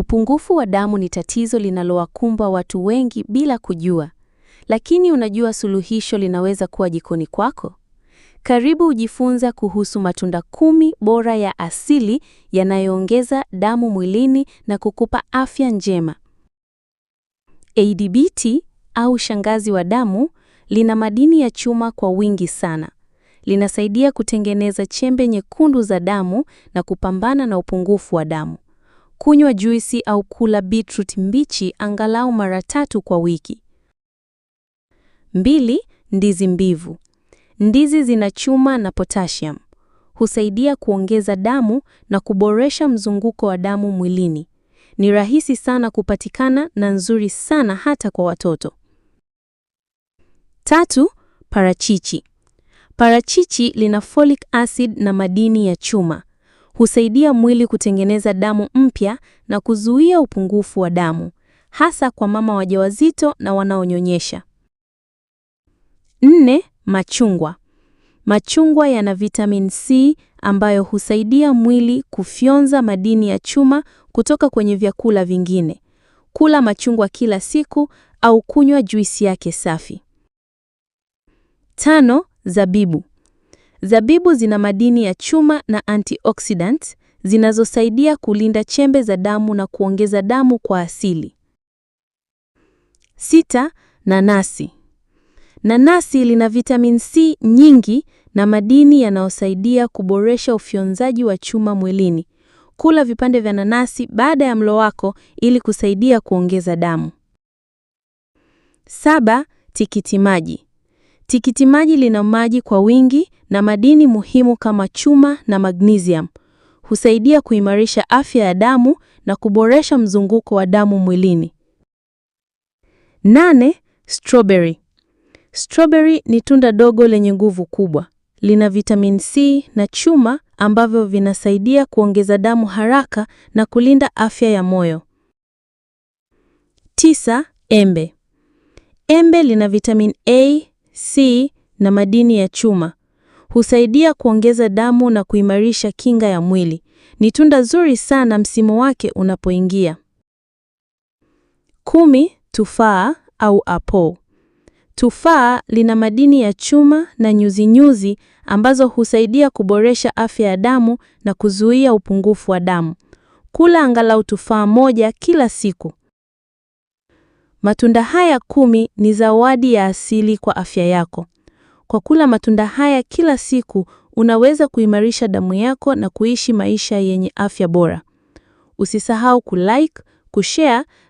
Upungufu wa damu ni tatizo linalowakumba watu wengi bila kujua. Lakini unajua suluhisho linaweza kuwa jikoni kwako? Karibu ujifunza kuhusu matunda kumi bora ya asili yanayoongeza damu mwilini na kukupa afya njema. ADBT au shangazi wa damu lina madini ya chuma kwa wingi sana. Linasaidia kutengeneza chembe nyekundu za damu na kupambana na upungufu wa damu kunywa juisi au kula beetroot mbichi angalau mara tatu kwa wiki. Mbili, ndizi mbivu. Ndizi zina chuma na potassium, husaidia kuongeza damu na kuboresha mzunguko wa damu mwilini. Ni rahisi sana kupatikana na nzuri sana hata kwa watoto. Tatu, parachichi. Parachichi lina folic acid na madini ya chuma husaidia mwili kutengeneza damu mpya na kuzuia upungufu wa damu, hasa kwa mama wajawazito na wanaonyonyesha. Nne, machungwa. Machungwa yana vitamin C ambayo husaidia mwili kufyonza madini ya chuma kutoka kwenye vyakula vingine. Kula machungwa kila siku au kunywa juisi yake safi. Tano, zabibu. Zabibu zina madini ya chuma na antioxidant zinazosaidia kulinda chembe za damu na kuongeza damu kwa asili. Sita, nanasi. Nanasi lina vitamin C nyingi na madini yanayosaidia kuboresha ufyonzaji wa chuma mwilini. Kula vipande vya nanasi baada ya mlo wako ili kusaidia kuongeza damu. Saba, tikiti maji. Tikiti maji lina maji kwa wingi na madini muhimu kama chuma na magnesium. Husaidia kuimarisha afya ya damu na kuboresha mzunguko wa damu mwilini. Nane, strawberry. Strawberry ni tunda dogo lenye nguvu kubwa. Lina vitamin C na chuma ambavyo vinasaidia kuongeza damu haraka na kulinda afya ya moyo. Tisa, embe. Embe lina vitamin A C na madini ya chuma husaidia kuongeza damu na kuimarisha kinga ya mwili. Ni tunda zuri sana msimu wake unapoingia. Kumi, tufaa au apple. Tufaa lina madini ya chuma na nyuzinyuzi ambazo husaidia kuboresha afya ya damu na kuzuia upungufu wa damu. Kula angalau tufaa moja kila siku. Matunda haya kumi ni zawadi ya asili kwa afya yako. Kwa kula matunda haya kila siku, unaweza kuimarisha damu yako na kuishi maisha yenye afya bora. Usisahau kulike, kushare